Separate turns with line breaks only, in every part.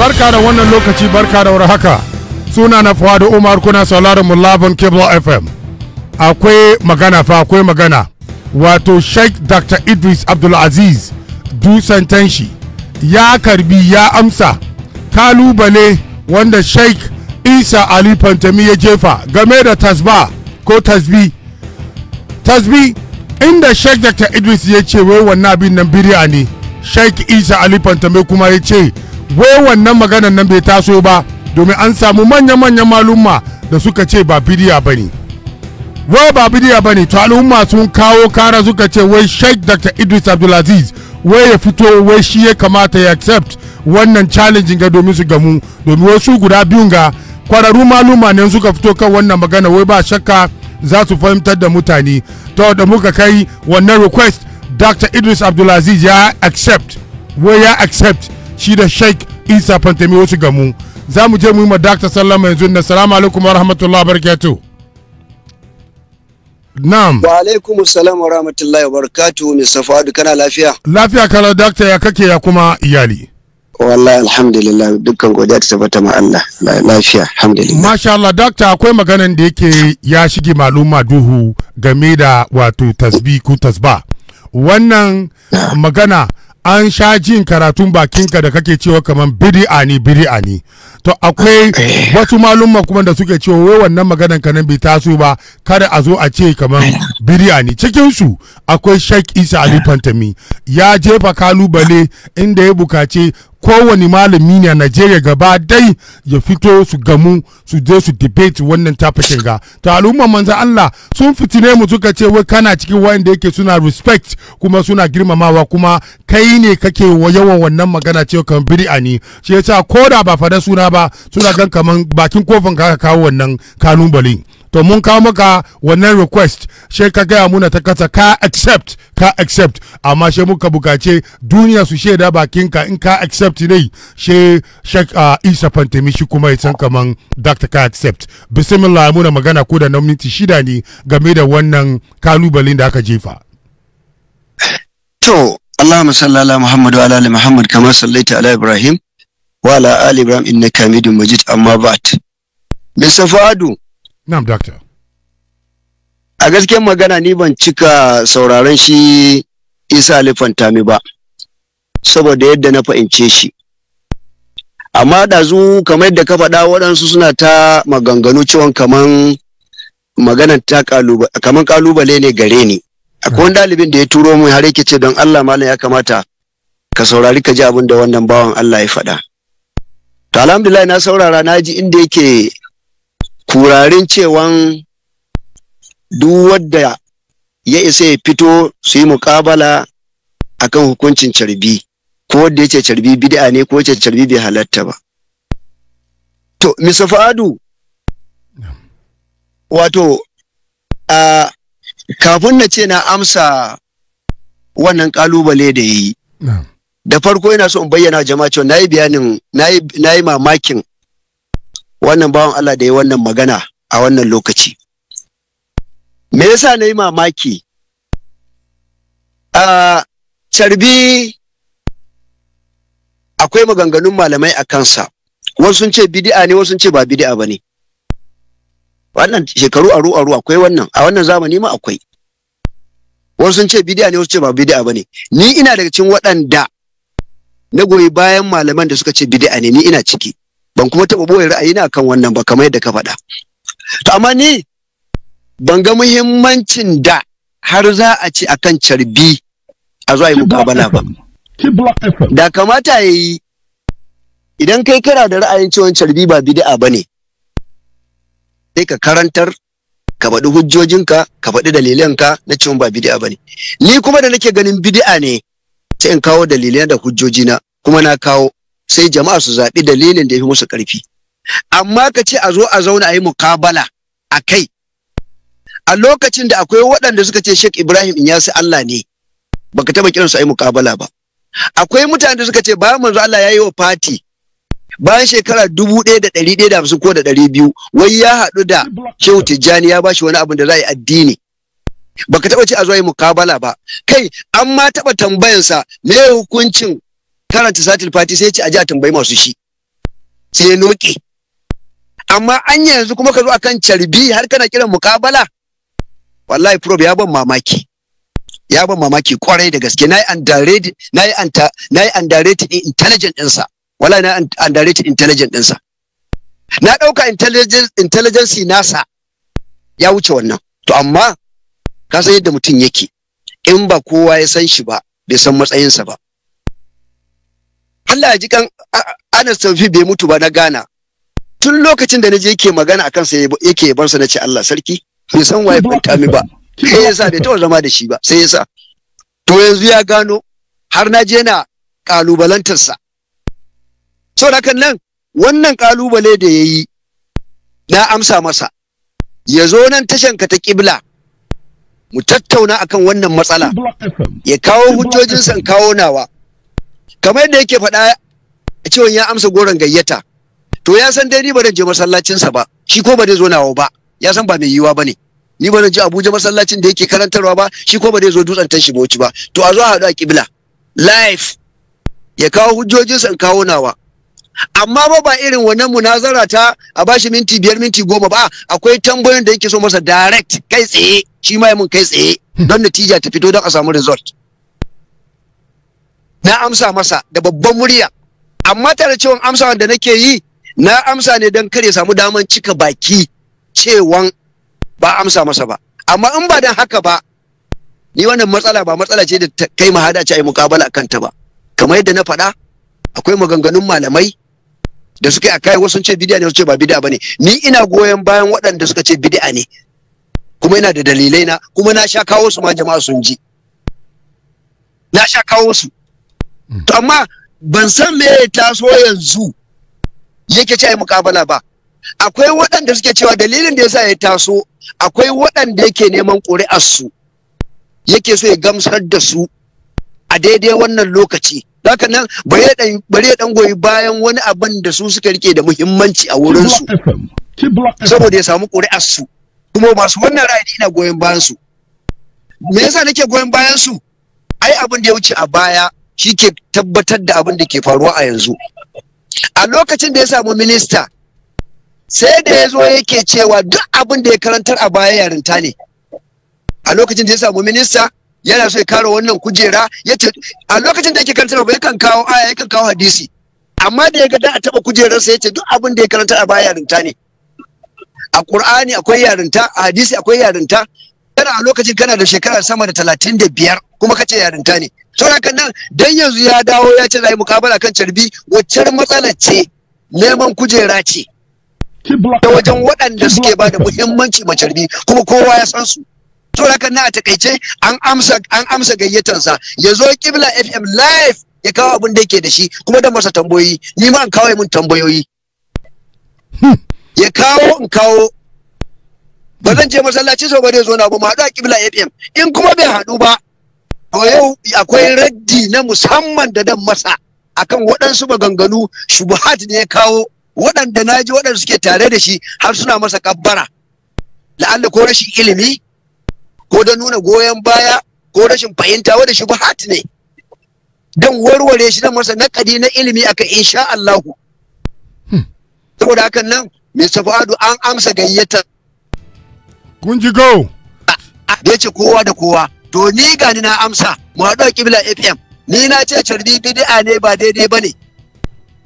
barka da wannan lokaci barka da haka suna na da umar kuna sauraron mu labon cable fm akwai magana fa akwai magana wato sheikh dr idris abdulaziz dusan tanshi ya karbi ya amsa kalubale wanda sheikh isa ali fantami ya jefa game da tasba ko tasbi tasbi inda sheikh dr idris ya ce wai wannan abin nan biriya ne sheikh isa ali fantami kuma ya ce wai wannan maganan nan bai taso ba domin an samu manya-manyan malumma da suka ce ba bidiya ba ne wai ba bidiya ba ne to al'umma sun kawo kara suka ce wai sheikh dr idris abdulaziz wai ya fito wai shi ya kamata ya accept wannan challenge ga domin su gamu domin wasu guda biyun ga kwararru maluma ne suka fito kan wannan magana wai ba shakka za su fahimtar da mutane to da muka kai wannan request dr idris abdulaziz ya accept wai ya accept shi da sheik isa fantami wasu gamu za mu je mu yi ma dakta sallama yanzu na salamu alaikum wa rahmatullahi barakatu Na'am.
Wa alaikum salam wa rahmatullahi wa barakatu ne Safadu kana lafiya?
Lafiya kala dakta ya kake ya kuma iyali.
Wallahi alhamdulillah dukkan godiya ta tabbata ma Allah lafiya alhamdulillah. Masha
Allah dakta akwai maganan da yake ya shige maluma duhu game da wato tasbi ko tasba. Wannan magana an sha jin karatun bakinka da kake cewa kamar bid'a ne bid'a ne to akwai eh. wasu malumma kuma da suke cewa wai wannan maganan kanan bai taso ba kada a zo a ce kamar eh. bid'a ne cikin su akwai Sheikh Isa Ali Fantami ya jefa kalubale inda ya bukace kowane malami ne a Najeriya gaba dai ya fito su gamu su je su debate wannan tafakin ga ta al'umma manzan Allah sun fitine mu suka ce wai kana cikin wanda yake suna respect kuma suna girmamawa kuma kai ne kake yawan wannan magana cewa kan bid'a ne shi yasa ko da ba fada suna ba suna gan kaman bakin kofin ka kawo wannan kalubale to mun kawo maka wannan request she ka gaya muna ta kasa ka accept ka accept amma she muka bukace duniya su bakin ka in ka accept ne she shek uh, isa fantami shi kuma ya kaman dr ka accept bismillah muna magana ko da nan minti shida ne game da wannan kalubalen da aka jefa
to اللهم صل على محمد ala muhammad محمد كما صليت على ابراهيم وعلى ali ibrahim innaka حميد majid amma بعد Mr. Fadu, Na'am doctor. A gaskiyar magana ni ban cika sauraron shi Isa Ali ba saboda yadda na fahimce shi. Amma ɗazu kamar yadda ka faɗa waɗansu suna ta maganganu ciwon kaman maganan ta kaman kalubale ne gare ni. Akwai wani ɗalibin da ya turo mu har yake ce don Allah malam ya kamata ka saurari ka ji abin da wannan bawan Allah ya faɗa. To alhamdulillah na saurara na ji inda yake kurarin cewan duk wadda ya isa ya fito su yi muƙabala akan hukuncin carbi ko wadda yake carbi bid'a ne ko yake carbi bai halatta ba to misa fa'adu wato a kafin na ce na amsa wannan kalubale da yi da farko ina so in bayyana jama'a cewa nayi bayanin nayi mamakin wannan bawan Allah da ya wannan magana a wannan lokaci me yasa na yi mamaki a carbi akwai maganganun malamai a kansa wasu sun ce bidi'a ne wasu sun ce ba bidi'a ba ne wannan shekaru aru aru akwai wannan a wannan zamani ma akwai wasu sun ce bidi'a ne wasu ce ba bidi'a ne. ni ina daga cikin waɗanda na goyi bayan malaman da suka ce bidi'a ne ni ina ciki ban kuma taɓa boye ra'ayina akan wannan ba kamar yadda ka faɗa to amma ni ban ga muhimmancin da har za a ci akan carbi a zuwa yi mukabala ba da kamata ya yi idan kai kana da ra'ayin cewa carbi ba bid'a ba ne sai ka karantar ka faɗi hujjojinka ka faɗi dalilanka na cewa ba bid'a ba ne ni kuma da nake ganin bid'a ne sai in kawo dalilan da hujjojina kuma na kawo sai jama'a su zaɓi dalilin da ya fi musu ƙarfi amma ka ce a zo a zauna a yi mukabala a kai a lokacin da akwai waɗanda suka ce Sheikh Ibrahim in yasi Allah ne baka taɓa kiransu a yi mukabala ba akwai mutane da suka ce bayan manzo Allah ya yi wa fati bayan shekara dubu ɗaya da ɗari ɗaya da hamsin ko da ɗari biyu wai ya haɗu da Shehu Tijjani ya bashi wani abin da za a yi addini baka taɓa ce a zo a yi mukabala ba kai an ma taɓa sa me hukuncin karanta satil fati sai ce a ji a tambayi masu shi sai ya noke amma an yanzu kuma ka zo akan carbi har kana kiran mukabala wallahi prof ya ban mamaki ya ban mamaki kwarai da gaske nayi underrated nayi anta nayi underrated intelligent ɗinsa wallahi nayi underrated intelligent ɗinsa na ɗauka intelligence intelligence nasa ya wuce wannan to amma ka san yadda mutum yake in ba kowa ya san shi ba bai san matsayinsa ba Allah ya ji kan Anas Tawfi bai mutu ba na Ghana tun lokacin da na je yake magana akan sa yake bar sa nace Allah sarki bai san waye kwanta mi ba sai yasa bai taɓa zama da shi ba sai yasa to yanzu ya gano har na je na kalubalantar sa saboda nan wannan kalubale da yayi na amsa masa ya zo nan tashanka ta kibla mu tattauna akan wannan matsala ya kawo hujjojinsa kawo nawa kamar yadda yake faɗa cewa ya amsa goron gayyata to ya san dai ni ba zan je masallacinsa ba shi ko ba zai zo nawa ba ya san ba mai yiwa ba ne ni ba zan je Abuja masallacin da yake karantarwa ba shi ko ba zai zo dutsen tashi bauchi ba to a zo a haɗu a kibla life ya kawo hujjojinsa in kawo nawa amma ba ba irin wannan munazara ta a bashi minti biyar minti goma ba akwai tambayoyin da yake so masa direct kai tsaye shi ma ya mun kai tsaye don natija ta fito don a samu result na amsa masa da babban murya amma tare cewa amsa da nake yi na amsa ne don kare samu daman cika baki cewan ba amsa masa ba amma in ba dan haka ba ni wannan matsala ba matsala ce da kai mahada ce a yi mukabala a kanta ba kamar yadda na faɗa akwai maganganun malamai da suke a kai wasu ce bid'a ne wasu ce ba bid'a bane ni ina goyon bayan waɗanda suka ce bid'a ne kuma ina da dalilai na kuma na sha kawo su ma jama'a sun ji na sha kawo su to amma ban san me ya taso yanzu yake cewa mukabala ba akwai waɗanda suke cewa dalilin da yasa ya taso akwai waɗanda yake neman ƙuri'arsu yake so ya gamsar da su a daidai wannan lokaci haka nan bari ya dan goyi bayan wani abin da su suka rike da muhimmanci a wurinsu saboda ya samu ƙuri'arsu kuma masu wannan ra'ayi ina goyon bayan me yasa nake goyon bayansu? su ai abin da ya wuce a baya shi ke tabbatar da abin da ke faruwa a yanzu a lokacin da ya samu minista sai da ya zo yake cewa duk abin da ya karantar a baya yarinta ne a lokacin da ya samu minista yana so ya kare wannan kujera ya ce a lokacin da yake karantar ba yakan kawo aya yakan kawo hadisi amma da ya ga da a taba kujerarsa ya ce duk abin da ya karantar a baya yarinta ne a Qur'ani akwai yarinta a hadisi akwai yarinta kana a lokacin kana da shekara sama da talatin da biyar kuma kace yarinta ne saboda nan dan yanzu ya dawo ya ce zai mukabala kan carbi Wacce matsala ce neman kujera ce ta wajen waɗanda suke ba da muhimmanci ma carbi kuma kowa ya san su saboda haka nan a takaice an amsa an amsa gayyatansa ya zo kibla fm live ya kawo abin da yake da shi kuma da masa tambayoyi ni ma an kawo mun tambayoyi hmm. ya kawo in kawo ba zan je masallaci sau ba zo na ba haɗu a kibla fm in kuma bai haɗu ba to yau akwai raddi na musamman da dan masa akan waɗansu maganganu shubuhat ne ya kawo waɗanda na ji waɗanda suke tare da shi har suna masa kabbara la'alla ko rashin ilimi ko da nuna goyon baya ko rashin fahimta wanda shubuhat ne dan warware shi dan masa naƙadi na ilimi akan insha Allah hmm. saboda hakan nan Mr. Fuadu an amsa gayyatar kun ji go da ce kowa da kowa to ni ga ni na amsa mu haɗu a kibla fm ni na ce cardi bid'a ne ba daidai ba ne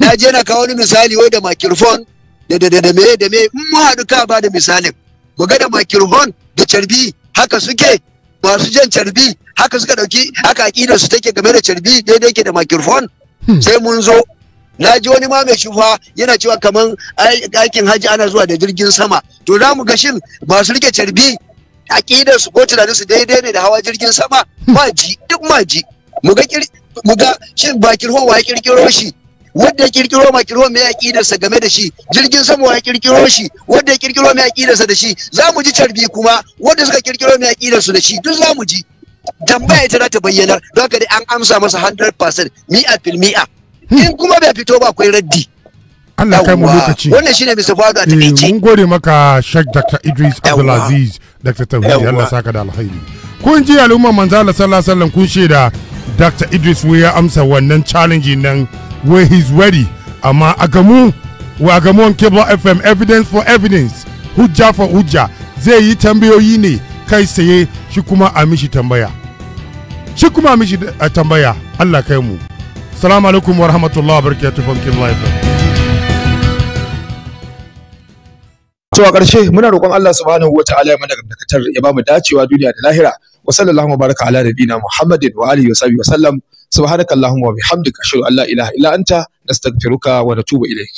na je na kawo ni misali wai da makirfon da da da me da me mu haɗu ka ba da misalin mu ga da makirfon da carbi haka suke masu jan carbi haka suka ɗauki haka aƙidar su take game da carbi daidai ke da makirfon hmm. sai mun zo na ji wani ma mai shufa yana cewa kaman aikin haji ana zuwa da jirgin sama to za mu ga shin masu rike carbi a su ko tunanin su daidai ne da hawa jirgin sama ma ji duk ma ji mu ga mu ga shin ba kirho wa kirkiro shi wanda ya kirkiro ma kirho mai aƙidar sa game da shi jirgin sama wa kirkiro shi wanda ya kirkiro mai aƙidar sa da shi za mu ji carbi kuma wanda suka kirkiro mai aƙidar su da shi duk za mu ji tambaya ita za ta bayyana don haka dai an amsa masa 100% mi'a fil mi'a Hmm. in kuma bai fito ba kai raddi Allah kai mu lokaci wannan shine Mr. Fuad a eh,
takeice mun gode maka Sheikh Dr. Idris Abdulaziz Dr. Tawhid Allah saka da alkhairi kun ji al'umma manzo Allah sallallahu alaihi wasallam kun shaida Dr. Idris wai ya amsa wannan challenge nan where he's ready amma a gamu wa gamu on Cable FM evidence for evidence hujja for hujja zai yi tambayoyi ne kai tsaye shi kuma a mishi tambaya shi kuma a mishi tambaya Allah kai mu salamu alaikum wa rahmatullahi wa barakatuh from to a ƙarshe muna roƙon Allah subhanahu wa ta'ala ya mana dakatar ya bamu dacewa duniya da lahira wa sallallahu wa baraka ala nabiyina Muhammadin wa alihi wa sahbihi wa sallam subhanakallahumma wa bihamdika ashhadu an la ilaha illa anta nastaghfiruka wa natubu ilayk